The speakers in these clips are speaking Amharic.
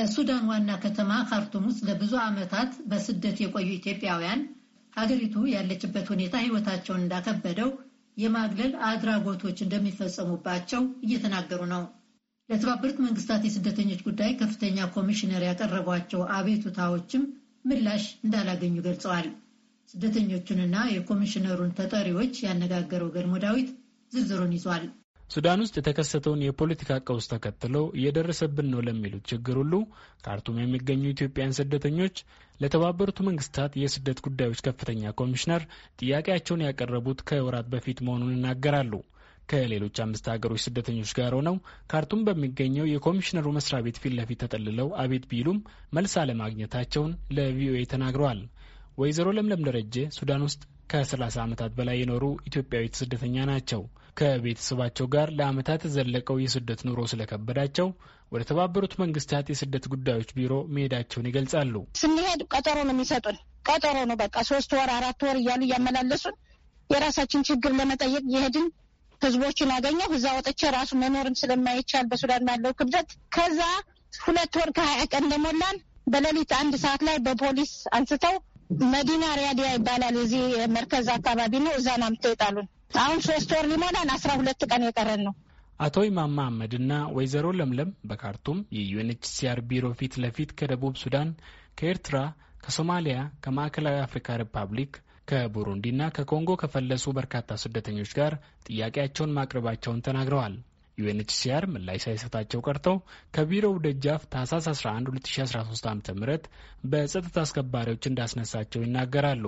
በሱዳን ዋና ከተማ ካርቱም ውስጥ ለብዙ ዓመታት በስደት የቆዩ ኢትዮጵያውያን ሀገሪቱ ያለችበት ሁኔታ ሕይወታቸውን እንዳከበደው የማግለል አድራጎቶች እንደሚፈጸሙባቸው እየተናገሩ ነው። ለተባበሩት መንግስታት የስደተኞች ጉዳይ ከፍተኛ ኮሚሽነር ያቀረቧቸው አቤቱታዎችም ምላሽ እንዳላገኙ ገልጸዋል። ስደተኞቹንና የኮሚሽነሩን ተጠሪዎች ያነጋገረው ገልሞ ዳዊት ዝርዝሩን ይዟል። ሱዳን ውስጥ የተከሰተውን የፖለቲካ ቀውስ ተከትለው እየደረሰብን ነው ለሚሉት ችግር ሁሉ ካርቱም የሚገኙ ኢትዮጵያን ስደተኞች ለተባበሩት መንግስታት የስደት ጉዳዮች ከፍተኛ ኮሚሽነር ጥያቄያቸውን ያቀረቡት ከወራት በፊት መሆኑን ይናገራሉ። ከሌሎች አምስት ሀገሮች ስደተኞች ጋር ሆነው ካርቱም በሚገኘው የኮሚሽነሩ መስሪያ ቤት ፊት ለፊት ተጠልለው አቤት ቢሉም መልስ አለማግኘታቸውን ለቪኦኤ ተናግረዋል። ወይዘሮ ለምለም ደረጀ ሱዳን ውስጥ ከ30 ዓመታት በላይ የኖሩ ኢትዮጵያዊት ስደተኛ ናቸው። ከቤተሰባቸው ጋር ለዓመታት የዘለቀው የስደት ኑሮ ስለከበዳቸው ወደ ተባበሩት መንግስታት የስደት ጉዳዮች ቢሮ መሄዳቸውን ይገልጻሉ። ስንሄድ ቀጠሮ ነው የሚሰጡን። ቀጠሮ ነው በቃ ሶስት ወር አራት ወር እያሉ እያመላለሱን የራሳችን ችግር ለመጠየቅ የሄድን ህዝቦችን አገኘው። እዛ ወጥቼ ራሱ መኖርም ስለማይቻል በሱዳን ያለው ክብደት ከዛ ሁለት ወር ከሀያ ቀን እንደሞላን በሌሊት አንድ ሰዓት ላይ በፖሊስ አንስተው መዲና ሪያዲያ ይባላል። እዚህ መርከዝ አካባቢ ነው። እዛ ነው ምትወጣሉ። አሁን ሶስት ወር ሊሞላን አስራ ሁለት ቀን የቀረን ነው። አቶ ኢማም መሐመድ ወይዘሮ ለምለም በካርቱም የዩኤንኤችሲአር ቢሮ ፊት ለፊት ከደቡብ ሱዳን፣ ከኤርትራ፣ ከሶማሊያ፣ ከማዕከላዊ አፍሪካ ሪፐብሊክ፣ ከቡሩንዲ ከኮንጎ ከፈለሱ በርካታ ስደተኞች ጋር ጥያቄያቸውን ማቅረባቸውን ተናግረዋል። ዩኤንኤችሲአር ምላሽ ሳይሰጣቸው ቀርተው ከቢሮው ደጃፍ ታህሳስ 11 2013 ዓ ም በጸጥታ አስከባሪዎች እንዳስነሳቸው ይናገራሉ።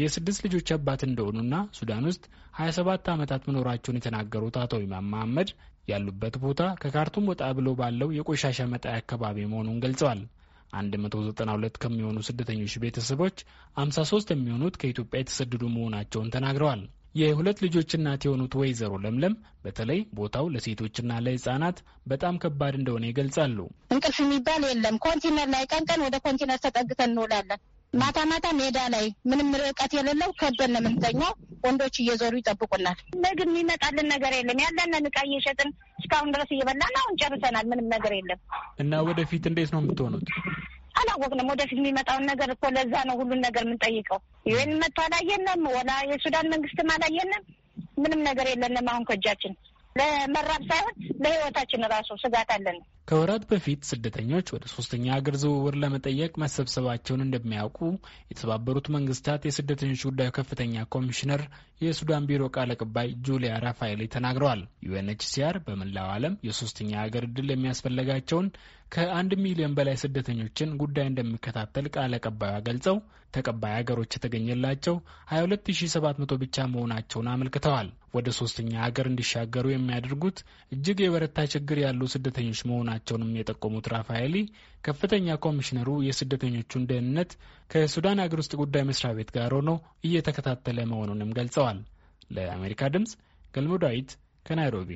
የስድስት ልጆች አባት እንደሆኑና ሱዳን ውስጥ 27 ዓመታት መኖራቸውን የተናገሩት አቶ ኢማም መሐመድ ያሉበት ቦታ ከካርቱም ወጣ ብሎ ባለው የቆሻሻ መጣያ አካባቢ መሆኑን ገልጸዋል። 192 ከሚሆኑ ስደተኞች ቤተሰቦች 53 የሚሆኑት ከኢትዮጵያ የተሰደዱ መሆናቸውን ተናግረዋል። የሁለት ልጆች እናት የሆኑት ወይዘሮ ለምለም በተለይ ቦታው ለሴቶችና ለህጻናት በጣም ከባድ እንደሆነ ይገልጻሉ። እንቅልፍ የሚባል የለም። ኮንቲነር ላይ ቀንቀን ወደ ኮንቲነር ተጠግተን እንውላለን። ማታ ማታ ሜዳ ላይ ምንም ርቀት የሌለው ከበን ነው የምንተኛው። ወንዶች እየዞሩ ይጠብቁናል። ምግብ የሚመጣልን ነገር የለም። ያለንን እቃ እየሸጥን እስካሁን ድረስ እየበላን አሁን ጨርሰናል። ምንም ነገር የለም እና ወደፊት እንዴት ነው የምትሆኑት? አላወቅንም ወደፊት የሚመጣውን ነገር እኮ። ለዛ ነው ሁሉን ነገር የምንጠይቀው። ይህን መጥቶ አላየንም፣ ወላ የሱዳን መንግስትም አላየንም። ምንም ነገር የለንም አሁን ከእጃችን ለመራብ ሳይሆን ለህይወታችን ራሱ ስጋት አለን። ከወራት በፊት ስደተኞች ወደ ሶስተኛ ሀገር ዝውውር ለመጠየቅ መሰብሰባቸውን እንደሚያውቁ የተባበሩት መንግስታት የስደተኞች ጉዳዩ ከፍተኛ ኮሚሽነር የሱዳን ቢሮ ቃል አቀባይ ጁሊያ ራፋኤሌ ተናግረዋል። ዩኤንኤችሲአር በመላው ዓለም የሶስተኛ ሀገር እድል የሚያስፈልጋቸውን ከአንድ ሚሊዮን በላይ ስደተኞችን ጉዳይ እንደሚከታተል ቃል አቀባዩ ገልጸው ተቀባይ ሀገሮች የተገኘላቸው 22700 ብቻ መሆናቸውን አመልክተዋል። ወደ ሶስተኛ ሀገር እንዲሻገሩ የሚያደርጉት እጅግ የበረታ ችግር ያሉ ስደተኞች መሆናቸው መሆናቸውንም የጠቆሙት ራፋኤሊ ከፍተኛ ኮሚሽነሩ የስደተኞቹን ደህንነት ከሱዳን አገር ውስጥ ጉዳይ መስሪያ ቤት ጋር ሆኖ እየተከታተለ መሆኑንም ገልጸዋል። ለአሜሪካ ድምፅ ገልሞ ዳዊት ከናይሮቢ